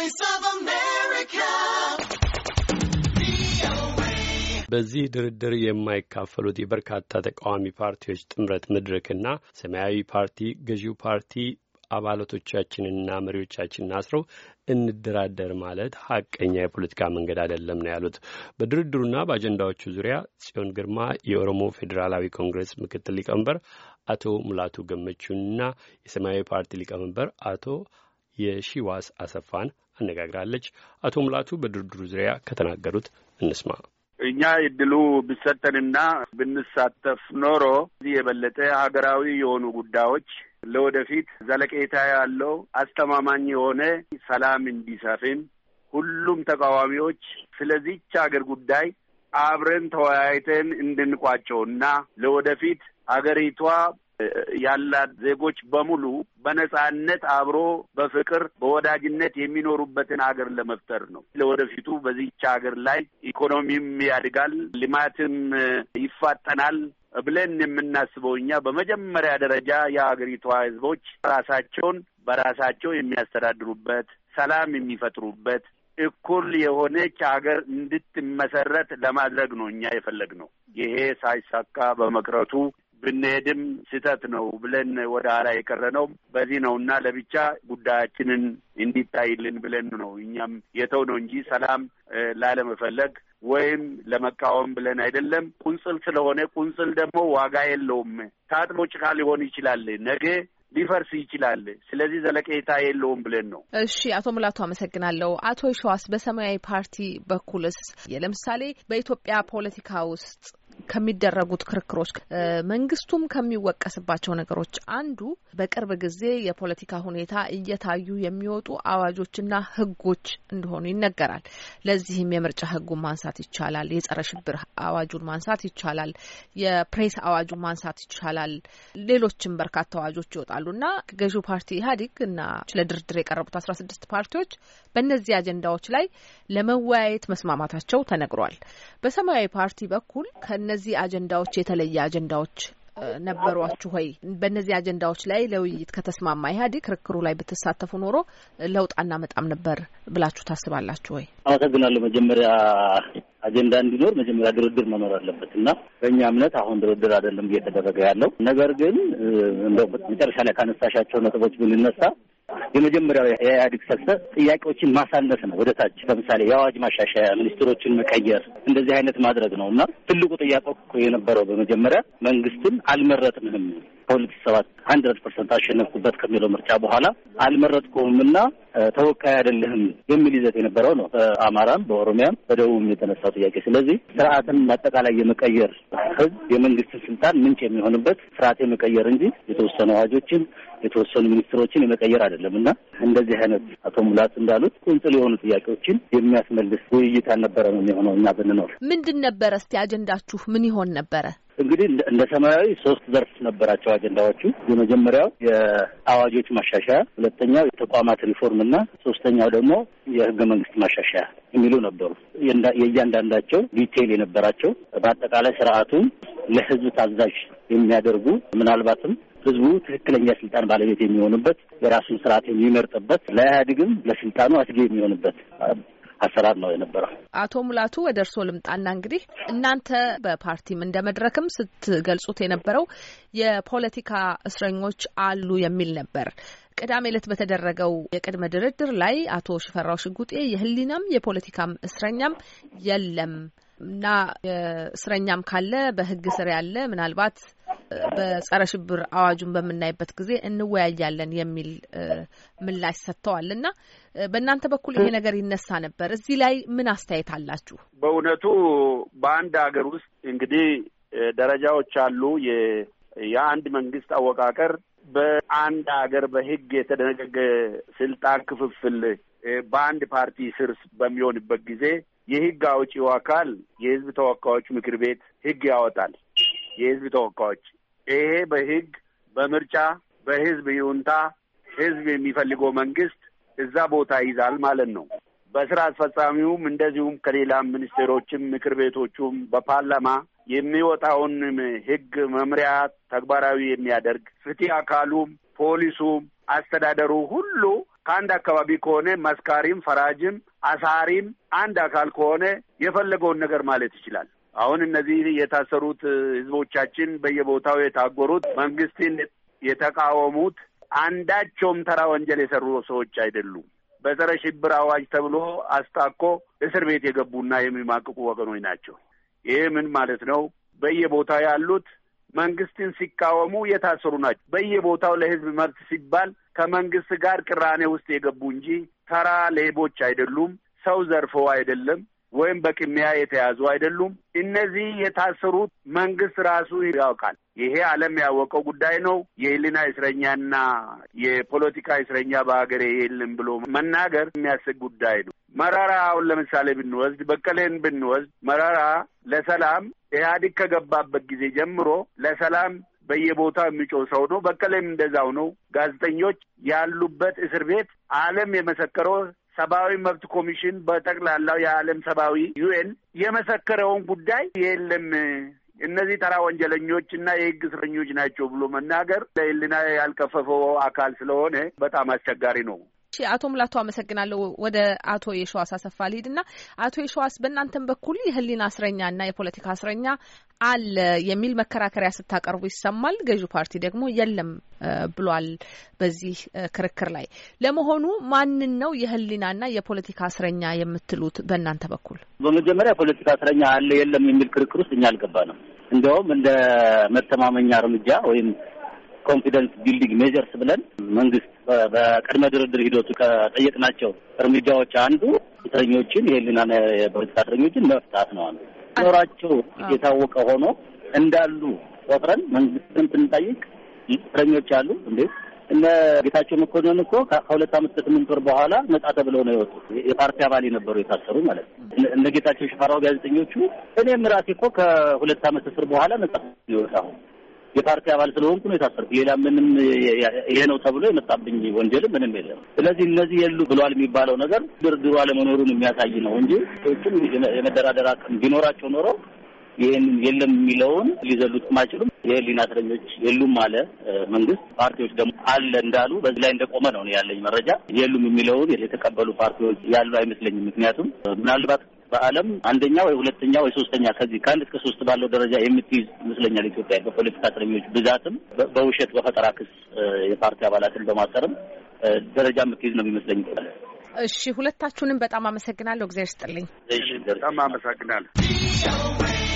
Voice of America. በዚህ ድርድር የማይካፈሉት የበርካታ ተቃዋሚ ፓርቲዎች ጥምረት መድረክና ሰማያዊ ፓርቲ ገዢው ፓርቲ አባላቶቻችንንና መሪዎቻችንን አስረው እንደራደር ማለት ሀቀኛ የፖለቲካ መንገድ አይደለም ነው ያሉት። በድርድሩና በአጀንዳዎቹ ዙሪያ ጽዮን ግርማ የኦሮሞ ፌዴራላዊ ኮንግረስ ምክትል ሊቀመንበር አቶ ሙላቱ ገመቹንና የሰማያዊ ፓርቲ ሊቀመንበር አቶ የሺዋስ አሰፋን አነጋግራለች። አቶ ሙላቱ በድርድሩ ዙሪያ ከተናገሩት እንስማ። እኛ እድሉ ብሰጠንና ብንሳተፍ ኖሮ የበለጠ ሀገራዊ የሆኑ ጉዳዮች ለወደፊት ዘለቄታ ያለው አስተማማኝ የሆነ ሰላም እንዲሰፍን ሁሉም ተቃዋሚዎች ስለዚች ሀገር ጉዳይ አብረን ተወያይተን እና ለወደፊት ሀገሪቷ ያላት ዜጎች በሙሉ በነጻነት አብሮ በፍቅር በወዳጅነት የሚኖሩበትን ሀገር ለመፍጠር ነው። ለወደፊቱ በዚች ሀገር ላይ ኢኮኖሚም ያድጋል፣ ልማትም ይፋጠናል ብለን የምናስበው እኛ በመጀመሪያ ደረጃ የሀገሪቷ ህዝቦች ራሳቸውን በራሳቸው የሚያስተዳድሩበት ሰላም የሚፈጥሩበት እኩል የሆነች ሀገር እንድትመሰረት ለማድረግ ነው እኛ የፈለግ ነው። ይሄ ሳይሳካ በመቅረቱ ብንሄድም ስህተት ነው ብለን ወደ ኋላ የቀረ ነው። በዚህ ነው እና ለብቻ ጉዳያችንን እንዲታይልን ብለን ነው እኛም የተው ነው እንጂ ሰላም ላለመፈለግ ወይም ለመቃወም ብለን አይደለም። ቁንጽል ስለሆነ ቁንጽል ደግሞ ዋጋ የለውም። ታጥቦ ጭቃ ሊሆን ይችላል ነገ ሊፈርስ ይችላል። ስለዚህ ዘለቄታ የለውም ብለን ነው። እሺ፣ አቶ ሙላቱ አመሰግናለሁ። አቶ ሸዋስ በሰማያዊ ፓርቲ በኩልስ ለምሳሌ በኢትዮጵያ ፖለቲካ ውስጥ ከሚደረጉት ክርክሮች መንግስቱም ከሚወቀስባቸው ነገሮች አንዱ በቅርብ ጊዜ የፖለቲካ ሁኔታ እየታዩ የሚወጡ አዋጆችና ህጎች እንደሆኑ ይነገራል። ለዚህም የምርጫ ህጉን ማንሳት ይቻላል። የጸረ ሽብር አዋጁን ማንሳት ይቻላል። የፕሬስ አዋጁን ማንሳት ይቻላል። ሌሎችም በርካታ አዋጆች ይወጣሉ እና ገዢው ፓርቲ ኢህአዴግ እና ለድርድር የቀረቡት አስራ ስድስት ፓርቲዎች በእነዚህ አጀንዳዎች ላይ ለመወያየት መስማማታቸው ተነግሯል። በሰማያዊ ፓርቲ በኩል ከነ ከእነዚህ አጀንዳዎች የተለየ አጀንዳዎች ነበሯችሁ ወይ? በእነዚህ አጀንዳዎች ላይ ለውይይት ከተስማማ ኢህአዴግ ክርክሩ ላይ ብትሳተፉ ኖሮ ለውጥ አናመጣም ነበር ብላችሁ ታስባላችሁ ወይ? አመሰግናለሁ። መጀመሪያ አጀንዳ እንዲኖር መጀመሪያ ድርድር መኖር አለበት እና በእኛ እምነት አሁን ድርድር አይደለም እየተደረገ ያለው ነገር ግን እንደው መጨረሻ ላይ ካነሳሻቸው ነጥቦች ብንነሳ የመጀመሪያው የኢህአዴግ ሰክሰስ ጥያቄዎችን ማሳነስ ነው ወደ ታች። ለምሳሌ የአዋጅ ማሻሻያ፣ ሚኒስትሮችን መቀየር፣ እንደዚህ አይነት ማድረግ ነው እና ትልቁ ጥያቄ እኮ የነበረው በመጀመሪያ መንግስትን አልመረጥንም ከሁለት ሺህ ሰባት ሀንድረድ ፐርሰንት አሸነፍኩበት ከሚለው ምርጫ በኋላ አልመረጥኩም እና ተወካይ አይደለህም የሚል ይዘት የነበረው ነው። በአማራም በኦሮሚያም በደቡብም የተነሳው ጥያቄ። ስለዚህ ስርዓትን አጠቃላይ የመቀየር ህዝብ የመንግስትን ስልጣን ምንጭ የሚሆንበት ስርዓት የመቀየር እንጂ የተወሰኑ አዋጆችን የተወሰኑ ሚኒስትሮችን የመቀየር አይደለም እና እንደዚህ አይነት አቶ ሙላት እንዳሉት ቁንጽል የሆኑ ጥያቄዎችን የሚያስመልስ ውይይት አልነበረ ነው የሚሆነው። እኛ ብንኖር ምንድን ነበረ? እስቲ አጀንዳችሁ ምን ይሆን ነበረ? እንግዲህ እንደ ሰማያዊ ሶስት ዘርፍ ነበራቸው አጀንዳዎቹ። የመጀመሪያው የአዋጆች ማሻሻያ፣ ሁለተኛው የተቋማት ሪፎርም እና ሶስተኛው ደግሞ የህገ መንግስት ማሻሻያ የሚሉ ነበሩ። የእያንዳንዳቸው ዲቴይል የነበራቸው በአጠቃላይ ስርዓቱን ለህዝብ ታዛዥ የሚያደርጉ ምናልባትም ህዝቡ ትክክለኛ ስልጣን ባለቤት የሚሆንበት የራሱን ስርዓት የሚመርጥበት ለኢህአዴግም ለስልጣኑ አስጊ የሚሆንበት አሰራር ነው የነበረው። አቶ ሙላቱ ወደ እርስዎ ልምጣና እንግዲህ እናንተ በፓርቲም እንደ መድረክም ስትገልጹት የነበረው የፖለቲካ እስረኞች አሉ የሚል ነበር። ቅዳሜ ዕለት በተደረገው የቅድመ ድርድር ላይ አቶ ሽፈራው ሽጉጤ የህሊናም የፖለቲካም እስረኛም የለም እና እስረኛም ካለ በህግ ስር ያለ ምናልባት በጸረ ሽብር አዋጁን በምናይበት ጊዜ እንወያያለን የሚል ምላሽ ሰጥተዋል እና በእናንተ በኩል ይሄ ነገር ይነሳ ነበር። እዚህ ላይ ምን አስተያየት አላችሁ? በእውነቱ በአንድ ሀገር ውስጥ እንግዲህ ደረጃዎች አሉ። የአንድ መንግስት አወቃቀር በአንድ ሀገር በህግ የተደነገገ ስልጣን ክፍፍል በአንድ ፓርቲ ስር በሚሆንበት ጊዜ የህግ አውጪው አካል የህዝብ ተወካዮች ምክር ቤት ህግ ያወጣል። የህዝብ ተወካዮች ይሄ በህግ በምርጫ በህዝብ ይሁንታ ህዝብ የሚፈልገው መንግስት እዛ ቦታ ይዛል ማለት ነው። በስራ አስፈጻሚውም እንደዚሁም ከሌላም ሚኒስቴሮችም ምክር ቤቶቹም በፓርላማ የሚወጣውን ህግ መምሪያ ተግባራዊ የሚያደርግ ፍትህ አካሉም፣ ፖሊሱም፣ አስተዳደሩ ሁሉ ከአንድ አካባቢ ከሆነ መስካሪም፣ ፈራጅም፣ አሳሪም አንድ አካል ከሆነ የፈለገውን ነገር ማለት ይችላል። አሁን እነዚህ የታሰሩት ህዝቦቻችን በየቦታው የታጎሩት መንግስትን የተቃወሙት አንዳቸውም ተራ ወንጀል የሰሩ ሰዎች አይደሉም። በጸረ ሽብር አዋጅ ተብሎ አስታኮ እስር ቤት የገቡና የሚማቅቁ ወገኖች ናቸው። ይህ ምን ማለት ነው? በየቦታው ያሉት መንግስትን ሲቃወሙ የታሰሩ ናቸው። በየቦታው ለህዝብ መብት ሲባል ከመንግስት ጋር ቅራኔ ውስጥ የገቡ እንጂ ተራ ሌቦች አይደሉም። ሰው ዘርፈው አይደለም። ወይም በቅሚያ የተያዙ አይደሉም። እነዚህ የታሰሩት መንግስት ራሱ ያውቃል። ይሄ ዓለም ያወቀው ጉዳይ ነው። የህሊና እስረኛና የፖለቲካ እስረኛ በሀገሬ የለም ብሎ መናገር የሚያስግ ጉዳይ ነው። መራራ አሁን ለምሳሌ ብንወስድ፣ በቀሌን ብንወስድ፣ መራራ ለሰላም ኢህአዲግ ከገባበት ጊዜ ጀምሮ ለሰላም በየቦታው የሚጮህ ሰው ነው። በቀለም እንደዛው ነው። ጋዜጠኞች ያሉበት እስር ቤት ዓለም የመሰከረው ሰብአዊ መብት ኮሚሽን በጠቅላላው የዓለም ሰብአዊ ዩኤን የመሰከረውን ጉዳይ የለም እነዚህ ተራ ወንጀለኞች እና የህግ እስረኞች ናቸው ብሎ መናገር ለሕሊና ያልከፈፈው አካል ስለሆነ በጣም አስቸጋሪ ነው። አቶ ሙላቱ አመሰግናለሁ። ወደ አቶ የሸዋስ አሰፋ ና አቶ የሸዋስ በእናንተም በኩል የህሊና ና የፖለቲካ እስረኛ አለ የሚል መከራከሪያ ስታቀርቡ ይሰማል። ገዢው ፓርቲ ደግሞ የለም ብሏል። በዚህ ክርክር ላይ ለመሆኑ ማንን ነው የህሊናና የፖለቲካ እስረኛ የምትሉት? በእናንተ በኩል በመጀመሪያ የፖለቲካ እስረኛ አለ የለም የሚል ክርክር ውስጥ እኛ አልገባንም። እንዲያውም እንደ መተማመኛ እርምጃ ወይም ኮንፊደንስ ቢልዲንግ ሜጀርስ ብለን መንግስት በቅድመ ድርድር ሂደቱ ከጠየቅናቸው እርምጃዎች አንዱ እስረኞችን የህሊና የፖለቲካ እስረኞችን መፍታት ነው። አንዱ ኖራቸው የታወቀ ሆኖ እንዳሉ ቆጥረን መንግስትን ስንጠይቅ እስረኞች አሉ እንዴት እነ ጌታቸው መኮንን እኮ ከሁለት ዓመት ከስምንት ወር በኋላ ነጻ ተብለው ነው የወጡ የፓርቲ አባል የነበሩ የታሰሩ ማለት ነው። እነ ጌታቸው ሽፈራው ጋዜጠኞቹ እኔም ራሴ እኮ ከሁለት ዓመት እስር በኋላ ነጻ ይወጣሁ። የፓርቲ አባል ስለሆንኩ ነው የታሰርኩ። ሌላ ምንም ይሄ ነው ተብሎ የመጣብኝ ወንጀል ምንም የለም። ስለዚህ እነዚህ የሉ ብሏል የሚባለው ነገር ድርድሩ አለመኖሩን የሚያሳይ ነው እንጂ ሰዎችም የመደራደር አቅም ቢኖራቸው ኖሮ ይህን የለም የሚለውን ሊዘሉትም አይችሉም። የህሊና እስረኞች የሉም አለ መንግስት። ፓርቲዎች ደግሞ አለ እንዳሉ በዚህ ላይ እንደቆመ ነው ያለኝ መረጃ። የሉም የሚለውን የተቀበሉ ፓርቲዎች ያሉ አይመስለኝም። ምክንያቱም ምናልባት በዓለም አንደኛ ወይ ሁለተኛ ወይ ሶስተኛ ከዚህ ከአንድ እስከ ሶስት ባለው ደረጃ የምትይዝ ይመስለኛል ኢትዮጵያ በፖለቲካ እስረኞች ብዛትም በውሸት በፈጠራ ክስ የፓርቲ አባላትን በማሰርም ደረጃ የምትይዝ ነው የሚመስለኝ። እሺ፣ ሁለታችሁንም በጣም አመሰግናለሁ። እግዚአብሔር ይስጥልኝ። በጣም አመሰግናለሁ።